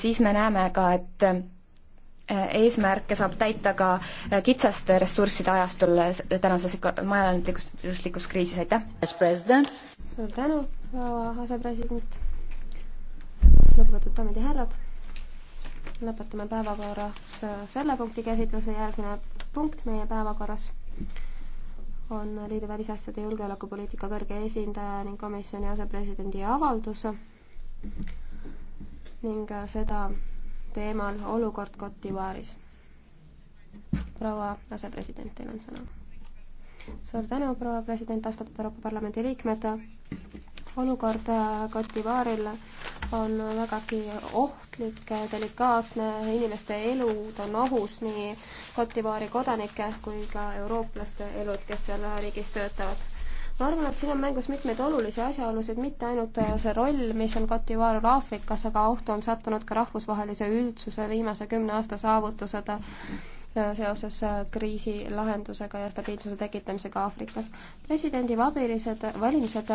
siis me näeme ka, et äh, eesmärke saab täita ka äh, kitsaste ressursside ajastul äh, tänases majanduslikus kriisis, aitäh! suur tänu, proua asepresident! lugupeetud daamid ja härrad! lõpetame päevakorras selle punkti käsitluse, järgmine punkt meie päevakorras on liidu välisasjade julgeolekupoliitika kõrge esindaja ning komisjoni asepresidendi avaldus ning äh, seda teemal olukord Cote d'Ivoire'is. proua asepresident, teil on sõna. suur tänu, proua president, austatud Euroopa Parlamendi liikmed. olukord Cote äh, d'Ivoire'il on vägagi ohtlik, delikaatne, inimeste elud on ohus, nii Cote d'Ivoire'i kodanike kui ka eurooplaste elud, kes seal riigis töötavad ma arvan, et siin on mängus mitmeid olulisi asjaolusid, mitte ainult äh, see roll, mis on Cote d'Ivoire'l Aafrikas, aga ohtu on sattunud ka rahvusvahelise üldsuse viimase kümne aasta saavutused äh, seoses äh, kriisi lahendusega ja stabiilsuse tekitamisega Aafrikas. presidendi vabilised, valimised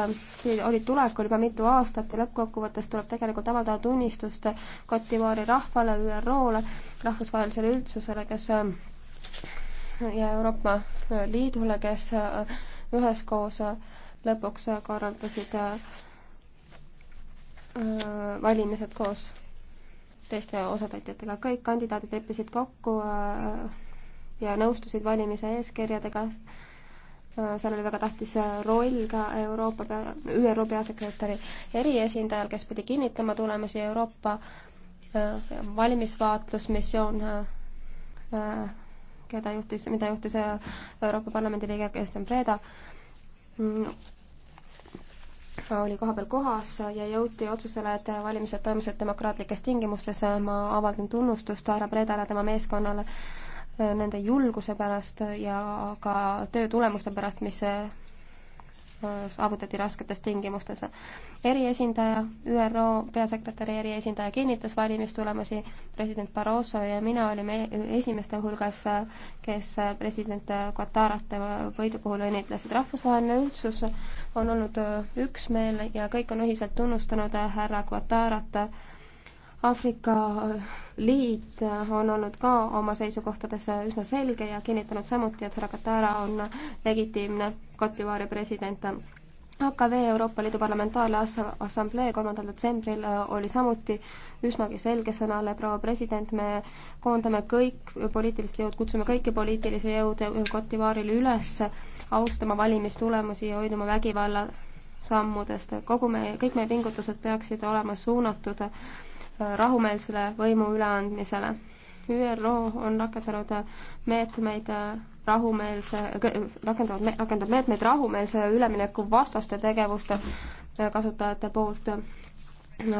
olid tulekul juba mitu aastat ja lõppkokkuvõttes tuleb tegelikult avaldada tunnistust Cote d'Ivoire'i rahvale, ÜRO-le, rahvusvahelisele üldsusele, kes ja Euroopa Liidule, kes üheskoos äh, lõpuks äh, korraldasid äh, valimised koos teiste osatäitjatega. kõik kandidaadid leppisid kokku ja nõustusid valimise eeskirjadega. seal oli väga tähtis roll ka Euroopa, ÜRO peasekretäri eriesindajal, kes pidi kinnitama tulemusi Euroopa valimisvaatlusmissioon keda juhtis, mida juhtis äh, Euroopa Parlamendi liige Kristjan Preda, mm, oli kohapeal kohas ja jõuti otsusele, et valimised toimusid demokraatlikes tingimustes. ma avaldan tunnustust härra Predale, tema meeskonnale, äh, nende julguse pärast ja ka töö tulemuste pärast, mis äh, Äh, saavutati rasketes tingimustes. eriesindaja, ÜRO peasekretäri eriesindaja kinnitas valimistulemusi, president Barroso ja mina olime e-, esimeste hulgas, kes president Guatarat võidu puhul õnnitlesid. rahvusvaheline üldsus on olnud üksmeel ja kõik on ühiselt tunnustanud härra Guatarat Aafrika äh, Liit äh, on olnud ka oma seisukohtades äh, üsna selge ja kinnitanud samuti, et härra Katara on legitiimne Cote president. AKV Euroopa Liidu Parlamentaarne Assamblee kolmandal detsembril oli samuti üsnagi selgesõnaline, proua president, me koondame kõik poliitilised jõud, kutsume kõiki poliitilisi jõude Cotivaarile üles austama valimistulemusi ja hoiduma vägivalla sammudest. kogu meie, kõik meie pingutused peaksid olema suunatud rahumeelsele võimu üleandmisele. ÜRO on rakendanud meetmeid rahumeelse, rakendavad, rakendab meetmeid rahumeelse ülemineku vastaste tegevuste kasutajate poolt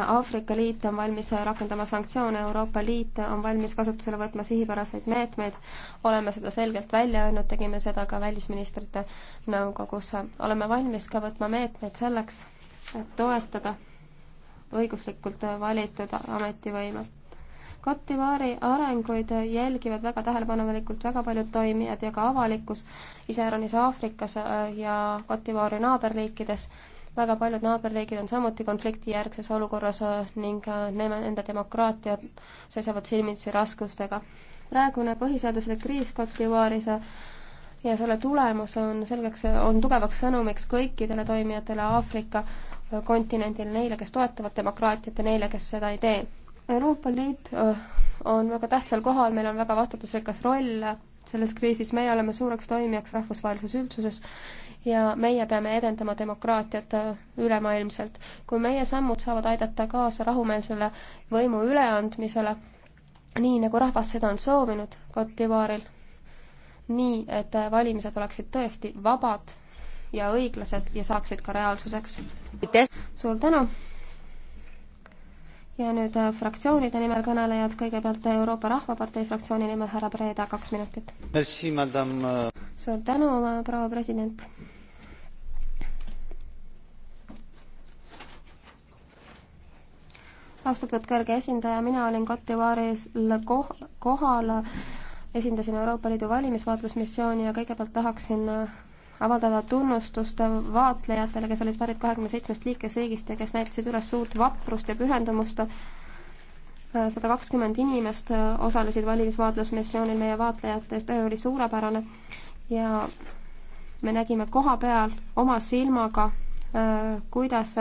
Aafrika Liit on valmis rakendama sanktsioone, Euroopa Liit on valmis kasutusele võtma sihipäraseid meetmeid, oleme seda selgelt välja öelnud, tegime seda ka välisministrite nõukogus. oleme valmis ka võtma meetmeid selleks, et toetada õiguslikult valitud ametivõime. Kotivaari arenguid jälgivad väga tähelepanelikult väga paljud toimijad ja ka avalikkus, iseäranis Aafrikas äh, ja Kotivaari naaberriikides. väga paljud naaberriigid on samuti konfliktijärgses olukorras äh, ning äh, nende demokraatiad seisavad silmitsi raskustega. praegune põhiseaduslik kriis Kotivaaris ja selle tulemus on selgeks, on tugevaks sõnumiks kõikidele toimijatele Aafrika kontinendil, neile, kes toetavad demokraatiat ja neile, kes seda ei tee. Euroopa Liit äh, on väga tähtsal kohal, meil on väga vastutusrikas roll selles kriisis, meie oleme suureks toimijaks rahvusvahelises üldsuses ja meie peame edendama demokraatiat äh, ülemaailmselt. kui meie sammud saavad aidata kaasa rahumeelsele võimu üleandmisele, nii nagu rahvas seda on soovinud Cote d'Ivoire'il, nii et valimised oleksid tõesti vabad ja õiglased ja saaksid ka reaalsuseks. suur tänu! ja nüüd äh, fraktsioonide nimel kõnelejad, kõigepealt Euroopa Rahvapartei fraktsiooni nimel härra Breda, kaks minutit. Äh. suur tänu, äh, proua president! austatud kõrge esindaja, mina olin Kotivaaris koh-, kohal esindasin Euroopa Liidu valimisvaatlusmissiooni ja kõigepealt tahaksin avaldada tunnustust vaatlejatele, kes olid pärit kahekümne seitsmest liikmesriigist ja kes näitasid üles suurt vaprust ja pühendumust. sada kakskümmend inimest osalesid valimisvaatlusmissioonil, meie vaatlejate töö oli suurepärane ja me nägime koha peal oma silmaga, kuidas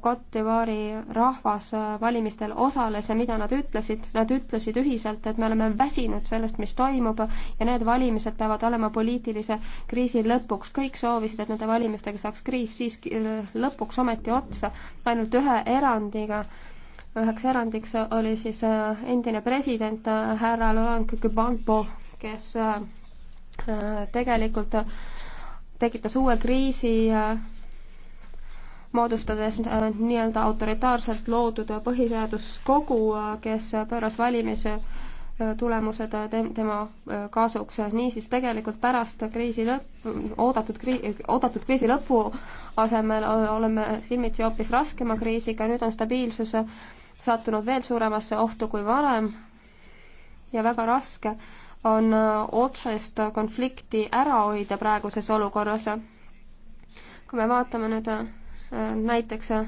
Kottivaari rahvas valimistel osales ja mida nad ütlesid, nad ütlesid ühiselt, et me oleme väsinud sellest, mis toimub ja need valimised peavad olema poliitilise kriisi lõpuks. kõik soovisid, et nende valimistega saaks kriis siiski äh, lõpuks ometi otsa, ainult ühe erandiga. üheks erandiks oli siis äh, endine president äh, härra Laurent Gbagbo, kes tegelikult tekitas uue kriisi moodustades äh, nii-öelda autoritaarselt loodud põhiseaduskogu, äh, kes pööras valimisi äh, tulemused tema kasuks. niisiis tegelikult pärast kriisi lõppu, oodatud kriisi, oodatud kriisi lõpu asemel oleme silmitsi hoopis raskema kriisiga, nüüd on stabiilsus sattunud veel suuremasse ohtu kui varem ja väga raske on otsest konflikti ära hoida praeguses olukorras. kui me vaatame nüüd Äh, näiteks äh,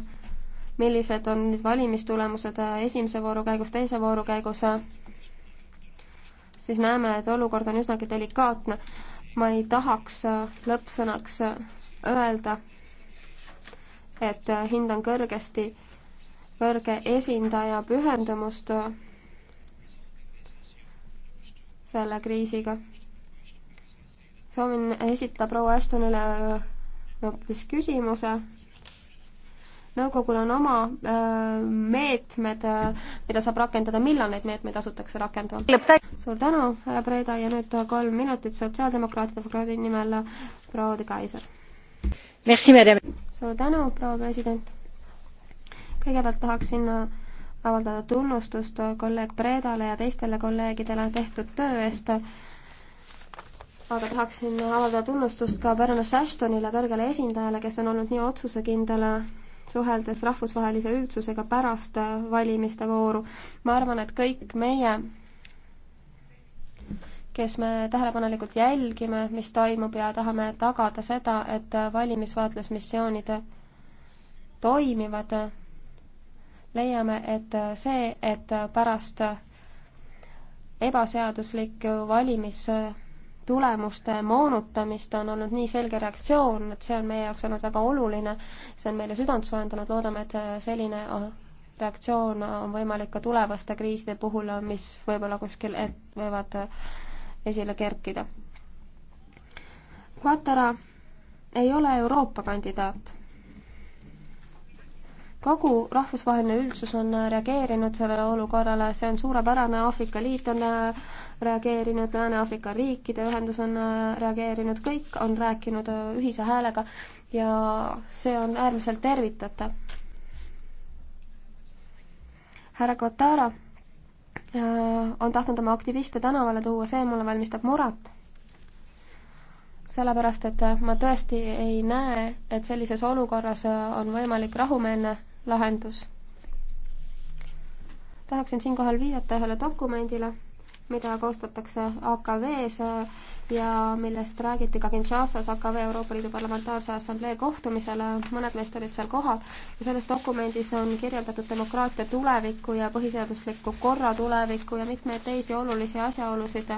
millised on nüüd valimistulemused äh, esimese vooru käigus, teise vooru käigus, siis näeme, et olukord on üsnagi delikaatne. ma ei tahaks lõppsõnaks öelda, et hindan kõrgesti kõrge esindaja pühendumust selle kriisiga. soovin esitada proua Ashtonile hoopis küsimuse nõukogul on oma öö, äh, meetmed, äh, mida saab rakendada, millal neid meetmeid asutakse rakendama? suur tänu, härra Preda, ja nüüd kolm minutit sotsiaaldemokraatide fraktsiooni nimel proua De Kaiser. suur tänu, proua president. kõigepealt tahaksin äh, avaldada tunnustust kolleeg Predale ja teistele kolleegidele tehtud töö eest aga tahaksin avaldada tunnustust ka Baroness Ashtonile, kõrgele esindajale, kes on olnud nii otsusekindel suheldes rahvusvahelise üldsusega pärast äh, valimiste vooru. ma arvan, et kõik meie, kes me tähelepanelikult jälgime, mis toimub ja tahame tagada seda, et äh, valimisvaatlusmissioonid toimivad, leiame, et äh, see, et pärast ebaseaduslikku valimis- tulemuste moonutamist on olnud nii selge reaktsioon, et see on meie jaoks olnud väga oluline, see on meile südant soojendanud, loodame, et selline ah, reaktsioon on võimalik ka tulevaste kriiside puhul, mis võib-olla kuskil et-, võivad esile kerkida. Katara ei ole Euroopa kandidaat kogu rahvusvaheline üldsus on äh, reageerinud sellele olukorrale, see on suurepärane, Aafrika Liit on äh, reageerinud, Lääne-Aafrika riikide ühendus on äh, reageerinud, kõik on rääkinud ühise häälega ja see on äärmiselt tervitatav. härra Kotara on tahtnud oma aktiviste tänavale tuua, see mulle valmistab muret sellepärast, et ma tõesti ei näe, et sellises olukorras on võimalik rahumeelne lahendus. tahaksin siinkohal viidata ühele dokumendile, mida koostatakse AKV-s ja millest räägiti ka Kinshasas AKV Euroopa Liidu Parlamentaarse Assamblee kohtumisel, mõned meist olid seal kohal, ja selles dokumendis on kirjeldatud demokraatia tulevikku ja põhiseadusliku korra tulevikku ja mitmeid teisi olulisi asjaolusid,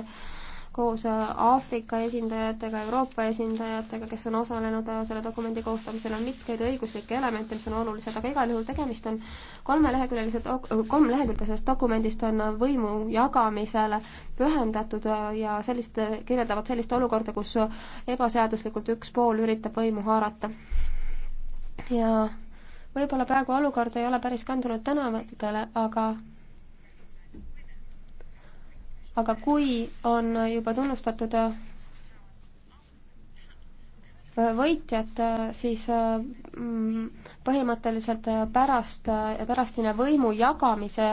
koos äh, Aafrika esindajatega, Euroopa esindajatega, kes on osalenud äh, selle dokumendi koostamisel, on mitmeid õiguslikke elemente, mis on olulised, aga igal juhul tegemist on kolmeleheküljelise dok-, kolm lehekülge sellest dokumendist on võimu jagamisele pühendatud äh, ja sellist, kirjeldavad sellist olukorda, kus ebaseaduslikult üks pool üritab võimu haarata. ja võib-olla praegu olukord ei ole päris kandunud tänavatele, aga aga kui on juba tunnustatud äh, võitjad, äh, siis äh, põhimõtteliselt pärast, pärastine võimu jagamise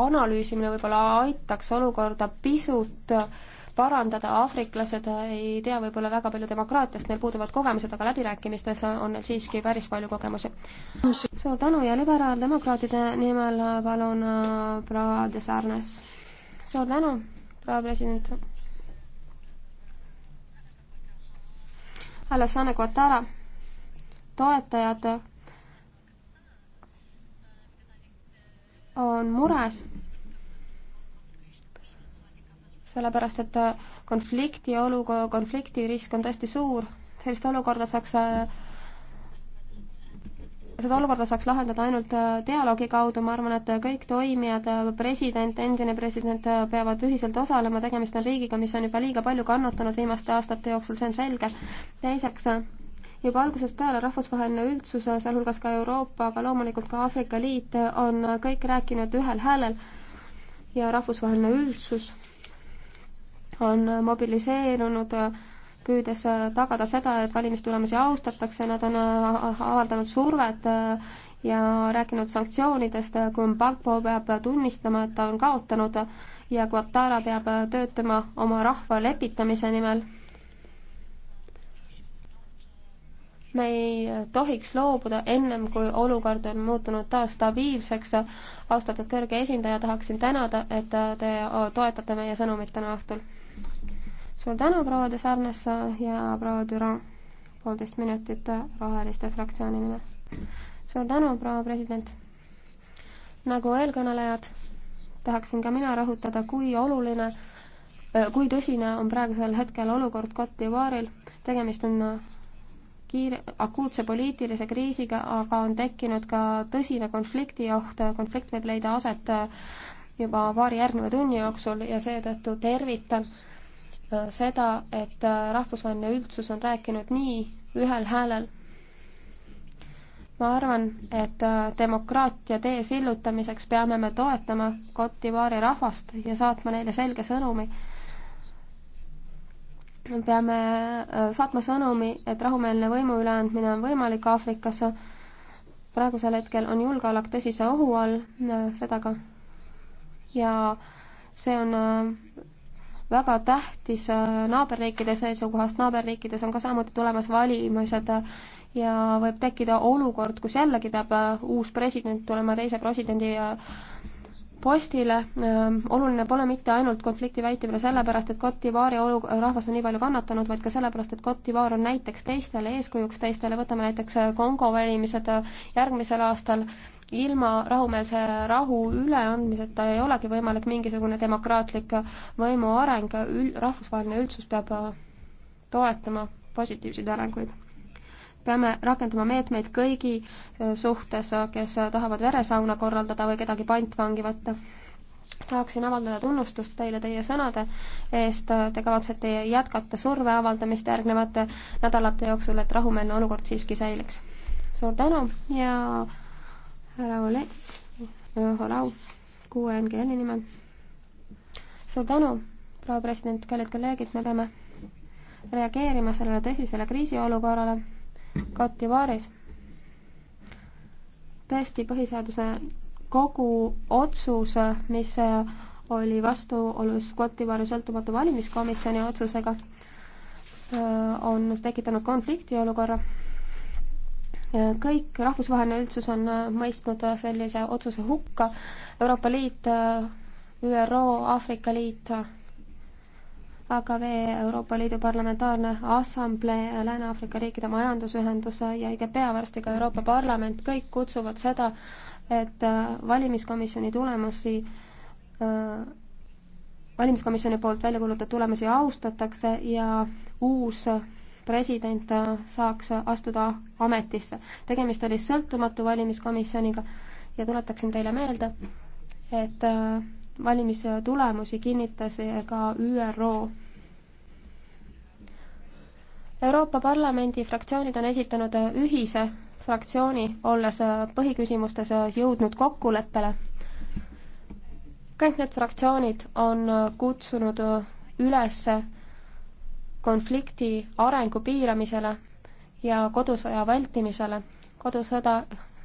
analüüsimine võib-olla aitaks olukorda pisut parandada, aafriklased ei tea võib-olla väga palju demokraatiast, neil puuduvad kogemused, aga läbirääkimistes on neil siiski päris palju kogemusi. suur tänu ja liberaaldemokraatide nimel palun äh, proua de Sarnes. suur tänu, proua president. Alassane Guatara, toetajad on mures sellepärast et konflikti olu-, konfliktirisk on tõesti suur, sellist olukorda saaks seda olukorda saaks lahendada ainult dialoogi kaudu, ma arvan, et kõik toimijad, president, endine president peavad ühiselt osalema, tegemist on riigiga, mis on juba liiga palju kannatanud viimaste aastate jooksul, see on selge. teiseks, juba algusest peale rahvusvaheline üldsus, sealhulgas ka Euroopa, aga loomulikult ka Aafrika Liit, on kõik rääkinud ühel häälel ja rahvusvaheline üldsus on mobiliseerunud püüdes tagada seda, et valimistulemusi austatakse, nad on avaldanud survet ja rääkinud sanktsioonidest, kui Mbagbo peab tunnistama, et ta on kaotanud ja Guattara peab töötama oma rahva lepitamise nimel. me ei tohiks loobuda ennem, kui olukord on muutunud taas stabiilseks. austatud kõrge esindaja, tahaksin tänada, et te toetate meie sõnumit täna õhtul suur tänu, proua de Sarnes ja proua Düran, poolteist minutit Roheliste fraktsiooni nimel. suur tänu, proua president. nagu eelkõnelejad, tahaksin ka mina rõhutada, kui oluline, äh, kui tõsine on praegusel hetkel olukord Cote d'Ivoire'il. tegemist on kiire, akuutse poliitilise kriisiga, aga on tekkinud ka tõsine konfliktioht, konflikt võib leida aset äh, juba paari järgneva tunni jooksul ja seetõttu tervitan seda, et äh, rahvusvaheline üldsus on rääkinud nii ühel häälel. ma arvan, et äh, demokraatia tee sillutamiseks peame me toetama Cote d'Ivoire'i rahvast ja saatma neile selge sõnumi. peame äh, saatma sõnumi, et rahumeelne võimu üleandmine on võimalik Aafrikas. praegusel hetkel on julgeolek tõsise ohu all, seda ka. ja see on väga tähtis äh, naaberriikide seisukohast, naaberriikides on ka samuti tulemas valimised äh, ja võib tekkida olukord, kus jällegi peab äh, uus president tulema teise presidendi postile, oluline pole mitte ainult konflikti vältimine sellepärast, et Cote d'Ivoire'i olu-, rahvas on nii palju kannatanud, vaid ka sellepärast, et Cote d'Ivoire on näiteks teistele, eeskujuks teistele, võtame näiteks Kongo valimised järgmisel aastal, ilma rahumeelse rahu üleandmiseta ei olegi võimalik mingisugune demokraatlik võimu areng, ül-, rahvusvaheline üldsus peab äh, toetama positiivseid arenguid peame rakendama meetmeid kõigi äh, suhtes, äh, kes tahavad veresauna korraldada või kedagi pantvangi võtta. tahaksin avaldada tunnustust teile teie sõnade eest, te kavatsete jätkata surve avaldamist järgnevate nädalate jooksul, et rahumeelne olukord siiski säiliks. suur tänu ja härra Ole, äh, Olau, QNGL-i nimel. suur tänu, proua president, kallid kolleegid, me peame reageerima sellele tõsisele kriisiolukorrale Cote d'Ivoire'is. tõesti, põhiseaduse kogu otsus, mis oli vastuolus Cote d'Ivoire'i sõltumatu valimiskomisjoni otsusega, äh, on tekitanud konfliktiolukorra kõik, rahvusvaheline üldsus on äh, mõistnud äh, sellise otsuse hukka, Euroopa Liit, äh, ÜRO, Aafrika Liit, AKV, Euroopa Liidu Parlamentaarne Assamblee, Lääne-Aafrika riikide majandusühendus ja õige pea varsti ka Euroopa Parlament, kõik kutsuvad seda, et valimiskomisjoni tulemusi valimiskomisjoni poolt välja kuulutatud tulemusi austatakse ja uus president äh, saaks astuda ametisse. tegemist oli sõltumatu valimiskomisjoniga ja tuletaksin teile meelde, et äh, valimistulemusi kinnitas ka ÜRO. Euroopa Parlamendi fraktsioonid on esitanud äh, ühise fraktsiooni, olles põhiküsimustes jõudnud kokkuleppele. kõik need fraktsioonid on kutsunud üles konflikti arengu piiramisele ja kodusõja vältimisele. kodusõda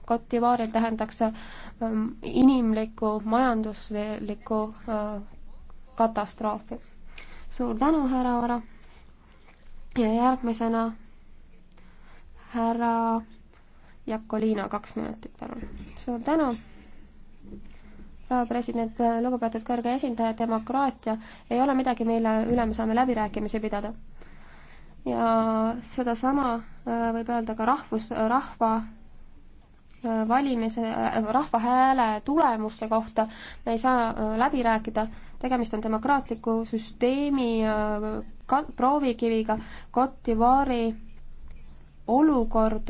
Cote d'Ivoire'il tähendaks ähm, inimlikku, majanduslikku äh, katastroofi. suur tänu, härra Vara. ja järgmisena härra Jakolina, kaks minutit, palun. suur tänu proua president, lugupeetud kõrge esindaja, demokraatia ei ole midagi, mille üle me saame läbirääkimisi pidada. ja sedasama äh, võib öelda ka rahvus, rahva äh, valimise, äh, rahva hääle tulemuste kohta me ei saa läbi rääkida, tegemist on demokraatliku süsteemi proovikiviga, Cote d'Ivoire'i olukord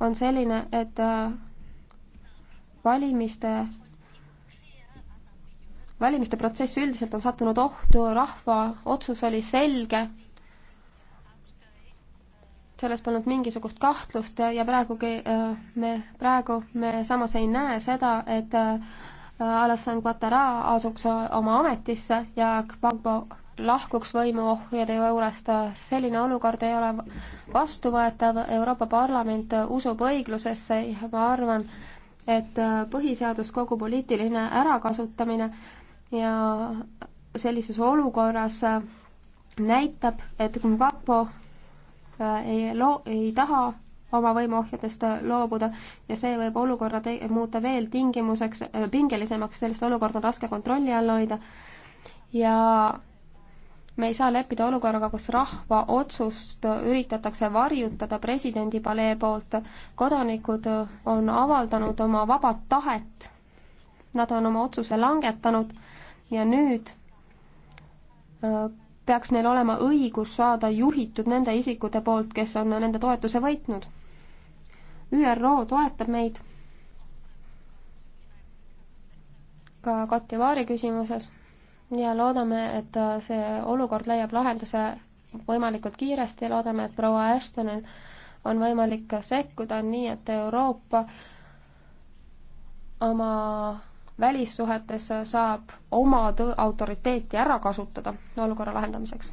on selline, et valimiste valimiste protsess üldiselt on sattunud ohtu, rahva otsus oli selge, selles polnud mingisugust kahtlust ja praegugi äh, me, praegu me samas ei näe seda, et äh, Alassane Ouattara asuks äh, oma ametisse ja Gbagbo lahkuks võimuohjade juurest. selline olukord ei ole vastuvõetav, Euroopa Parlament usub õiglusesse ja ma arvan, et äh, põhiseaduskogu poliitiline ärakasutamine ja sellises olukorras äh, näitab, et kui kapo äh, ei loo-, ei taha oma võimuohjadest loobuda ja see võib olukorra te-, muuta veel tingimuseks, pingelisemaks, sellist olukorda on raske kontrolli all hoida ja me ei saa leppida olukorraga, kus rahva otsust üritatakse varjutada presidendi palee poolt. kodanikud on avaldanud oma vabat tahet, nad on oma otsuse langetanud ja nüüd äh, peaks neil olema õigus saada juhitud nende isikute poolt, kes on nende toetuse võitnud. ÜRO toetab meid ka Kativaari küsimuses ja loodame, et äh, see olukord leiab lahenduse võimalikult kiiresti ja loodame, et proua Ashtonil on võimalik sekkuda nii, et Euroopa oma välissuhetes saab oma autoriteeti ära kasutada olukorra lahendamiseks.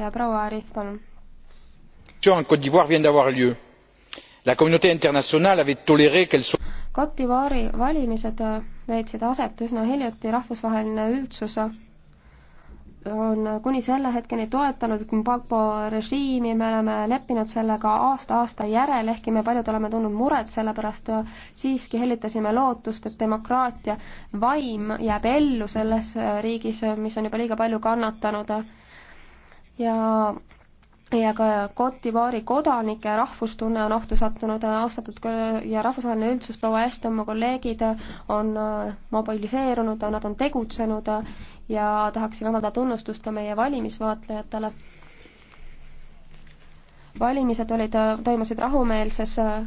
ja proua Arif, palun. en Côte d'Ivoire vient d'avoir lieu. La communauté internationale avait toléré qu'elle soit Côte d'Ivoire'i valimised leidsid aset üsna hiljuti, rahvusvaheline üldsus on kuni selle hetkeni toetanud Gbagbo režiimi, me oleme leppinud sellega aasta-aasta järel, ehkki me paljud oleme tundnud muret selle pärast, siiski hellitasime lootust, et demokraatia vaim jääb ellu selles riigis, mis on juba liiga palju kannatanud ja ja ka Cote d'Ivoire'i kodanike rahvustunne on ohtu sattunud, austatud ja rahvusvaheline üldsus, proua Ashton, mu kolleegid on äh, mobiliseerunud, nad on tegutsenud ja tahaksin avaldada tunnustust ka meie valimisvaatlejatele. valimised olid, äh, toimusid rahumeelses äh,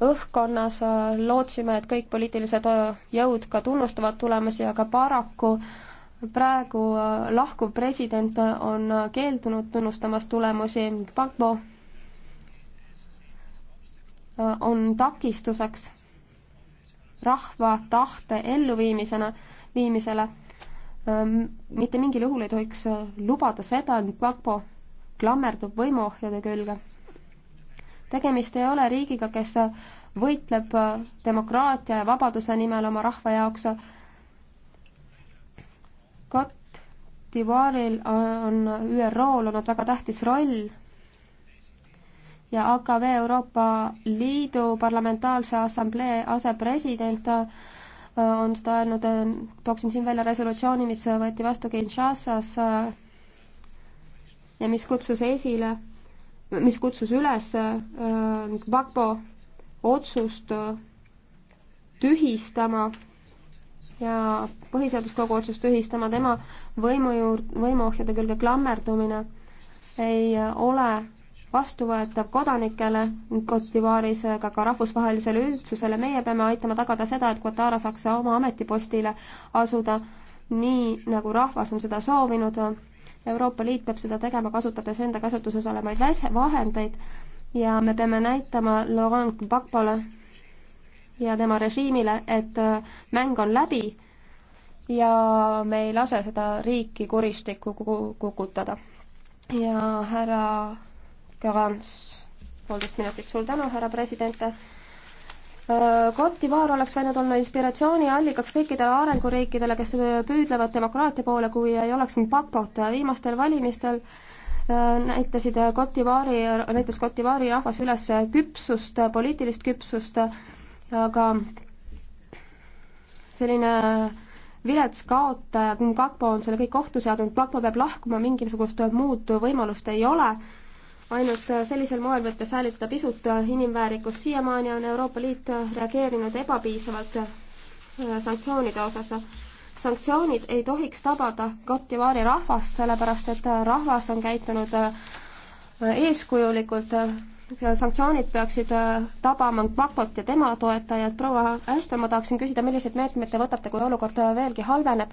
õhkkonnas, lootsime, et kõik poliitilised jõud ka tunnustavad tulemusi, aga paraku äh, praegu äh, lahkuv president äh, on äh, keeldunud tunnustamast tulemusi, Gbagbo on takistuseks rahva tahte elluviimisena, viimisele. Ähm, mitte mingil juhul ei tohiks lubada seda, et Gbagbo klammerdub võimuohjade külge. tegemist ei ole riigiga, kes võitleb demokraatia ja vabaduse nimel oma rahva jaoks Cote d'Ivoire'il on ÜRO-l olnud väga tähtis roll ja AKV Euroopa Liidu Parlamentaarse Assamblee asepresident äh, on seda öelnud, äh, tooksin siin välja resolutsiooni, mis võeti vastu Kinshasas äh, ja mis kutsus esile, mis kutsus üles Gbagbo otsust tühistama ja põhiseaduskogu otsus tühistama tema võimu juurde, võimuohjade külge klammerdumine ei ole vastuvõetav kodanikele Cotivaaris ega ka rahvusvahelisele üldsusele. meie peame aitama tagada seda, et Guatara saaks oma ametipostile asuda nii, nagu rahvas on seda soovinud. Euroopa Liit peab seda tegema, kasutades enda käsutuses olevaid vahendeid ja me peame näitama Laurent Gbagbole, ja tema režiimile, et äh, mäng on läbi ja me ei lase seda riiki kuristikku kukutada. ja härra Garants, poolteist minutit, suur tänu, härra president. Cote äh, d'Ivoire oleks võinud olla inspiratsiooniallikaks kõikidele arenguriikidele, kes äh, püüdlevad demokraatia poole, kui ei oleks siin papot. viimastel valimistel näitasid Cote d'Ivoire'i, näitas Cote d'Ivoire'i rahvas üles küpsust, poliitilist küpsust aga selline vilets kaotaja, kui Kakpo on selle kõik ohtu seadnud, Kakpo peab lahkuma, mingisugust muud võimalust ei ole. ainult sellisel moel võite säilitada pisut inimväärikust. siiamaani on Euroopa Liit reageerinud ebapiisavalt äh, sanktsioonide osas. sanktsioonid ei tohiks tabada Kotivaari rahvast, sellepärast et rahvas on käitunud äh, eeskujulikult sanktsioonid peaksid äh, tabama Bakot ja tema toetajad. proua Ashton, ma tahaksin küsida, milliseid meetmeid te võtate, kui olukord äh, veelgi halveneb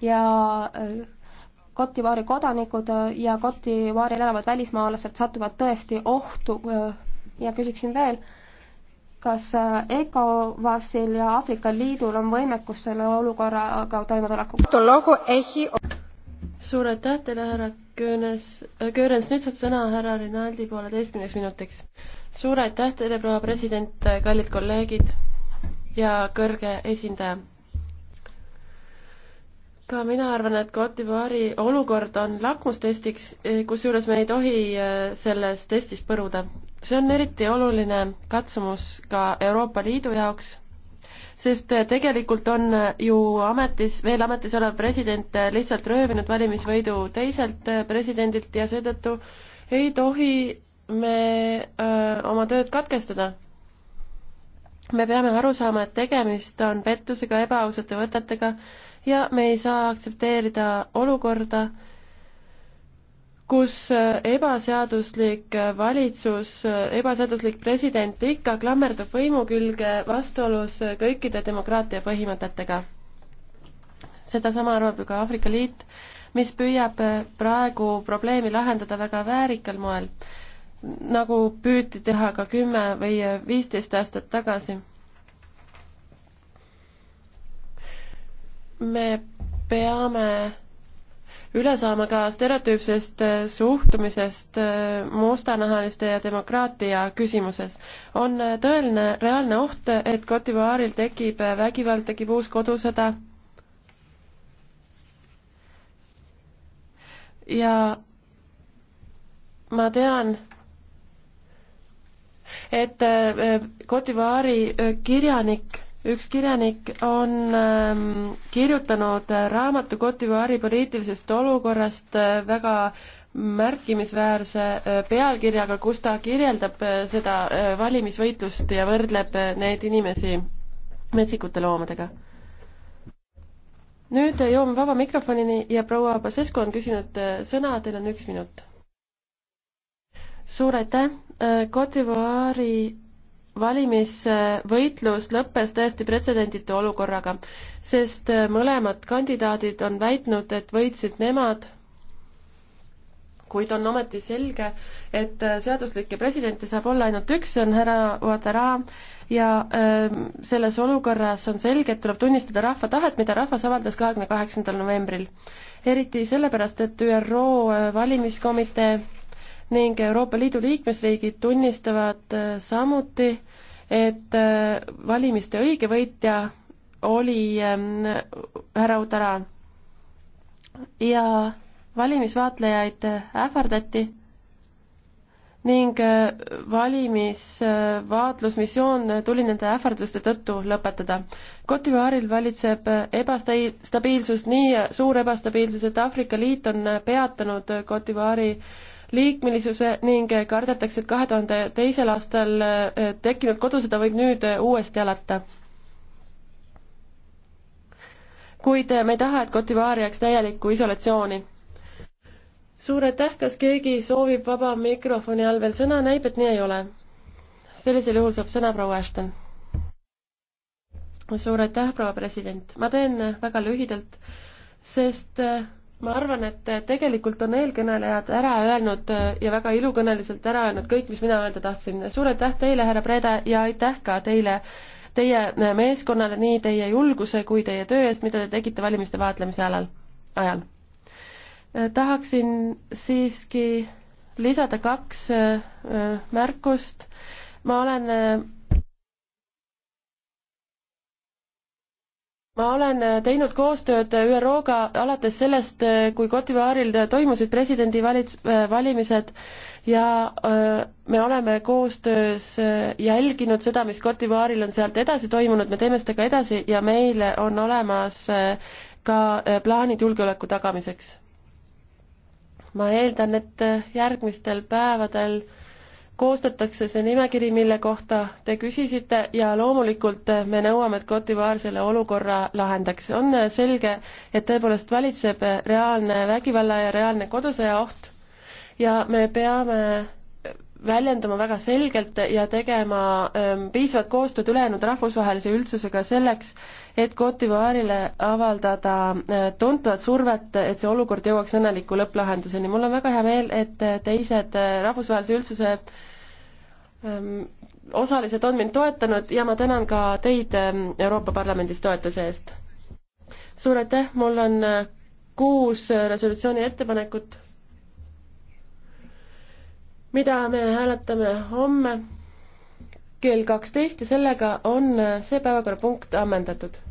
ja äh, Kotivaari kodanikud ja Kotivaaril elavad välismaalased satuvad tõesti ohtu ja küsiksin veel, kas ECOWASil ja Aafrika Liidul on võimekus selle olukorraga toimetulekuks? suur aitäh teile, härra Köönes, Köörens, nüüd saab sõna härra Rinaldi pooleteistkümneks minutiks. suur aitäh teile, proua president, kallid kolleegid ja kõrge esindaja. ka mina arvan, et Cote d'Ivoire'i olukord on lakmustestiks, kusjuures me ei tohi äh, selles testis põruda. see on eriti oluline katsumus ka Euroopa Liidu jaoks sest äh, tegelikult on äh, ju ametis, veel ametis olev president äh, lihtsalt röövinud valimisvõidu teiselt presidendilt ja seetõttu ei tohi me öö, oma tööd katkestada. me peame aru saama, et tegemist on pettusega, ebaausate võtetega ja me ei saa aktsepteerida olukorda, kus äh, ebaseaduslik äh, valitsus, äh, ebaseaduslik president ikka klammerdub võimu külge vastuolus kõikide demokraatia põhimõtetega. sedasama arvab ju ka Aafrika Liit, mis püüab praegu probleemi lahendada väga väärikal moel, nagu püüti teha ka kümme või viisteist aastat tagasi. me peame üle saama ka stereotüüpsest äh, suhtumisest äh, mustanahaliste ja demokraatia küsimuses. on äh, tõeline, reaalne oht, et Cote d'Ivoire'il tekib vägivald, tekib uus kodusõda. ja ma tean, et Cote d'Ivoire'i kirjanik üks kirjanik on ähm, kirjutanud raamatu Cote d'Ivoire'i poliitilisest olukorrast äh, väga märkimisväärse äh, pealkirjaga, kus ta kirjeldab äh, seda valimisvõitlust ja võrdleb neid inimesi metsikute loomadega. nüüd jõuame vaba mikrofonini ja proua Pasesko on küsinud sõna, teil on üks minut. suur aitäh, Cote d'Ivoire'i valimisvõitlus lõppes tõesti pretsedenditu olukorraga, sest mõlemad kandidaadid on väitnud, et võitsid nemad, kuid on ometi selge, et seaduslikke presidente saab olla ainult üks, see on härra Ouattara ja öö, ähm, selles olukorras on selge, et tuleb tunnistada rahva tahet, mida rahvas avaldas kahekümne kaheksandal novembril. eriti sellepärast, et ÜRO äh, valimiskomitee ning Euroopa Liidu liikmesriigid tunnistavad äh, samuti, et äh, valimiste õige võitja oli ähm, härra Udara ja valimisvaatlejaid äh, ähvardati ning valimisvaatlusmissioon tuli nende ähvarduste tõttu lõpetada. Cote d'Ivoire'il valitseb ebastabiilsus, nii suur ebastabiilsus, et Aafrika Liit on peatanud Cote d'Ivoire'i liikmelisuse ning kardetakse, et kahe tuhande teisel aastal eh, tekkinud kodusõda võib nüüd eh, uuesti alata kuid eh, me ei taha, et Cotivaar jääks täielikku isolatsiooni. suur aitäh, kas keegi soovib vaba mikrofoni all veel sõna, näib, et nii ei ole. sellisel juhul saab sõna proua Ashton. suur aitäh, proua president, ma teen väga lühidalt, sest äh, ma arvan, et tegelikult on eelkõnelejad ära öelnud ja väga ilukõneliselt ära öelnud kõik, mis mina öelda tahtsin. suur aitäh teile, härra Preda, ja aitäh ka teile, teie meeskonnale nii teie julguse kui teie töö eest, mida te tegite valimiste vaatlemise alal, ajal. tahaksin siiski lisada kaks äh, märkust. ma olen äh, ma olen äh, teinud koostööd äh, ÜRO-ga alates sellest, äh, kui Cote d'Ivoire'il toimusid presidendivalits-, valimised ja öö, me oleme koostöös jälginud seda, mis Cote d'Ivoire'il on sealt edasi toimunud, me teeme seda ka edasi ja meil on olemas ka plaanid julgeoleku tagamiseks. ma eeldan, et järgmistel päevadel öö, koostatakse see nimekiri, mille kohta te küsisite ja loomulikult me nõuame, et Cote d'Ivoire selle olukorra lahendaks. on selge, et tõepoolest valitseb reaalne vägivalla ja reaalne kodusõja oht ja me peame väljendama väga selgelt ja tegema ähm, piisavat koostööd ülejäänud rahvusvahelise üldsusega selleks, et Cote d'Ivoire'ile avaldada äh, tuntavat survet, et see olukord jõuaks õnneliku lõpplahenduseni. mul on väga hea meel, et teised äh, rahvusvahelise üldsuse äh, Ehm, osalised on mind toetanud ja ma tänan ka teid ehm, Euroopa Parlamendis toetuse eest. suur aitäh, mul on äh, kuus äh, resolutsiooni ettepanekut, mida me hääletame homme kell kaksteist ja sellega on äh, see päevakorrapunkt ammendatud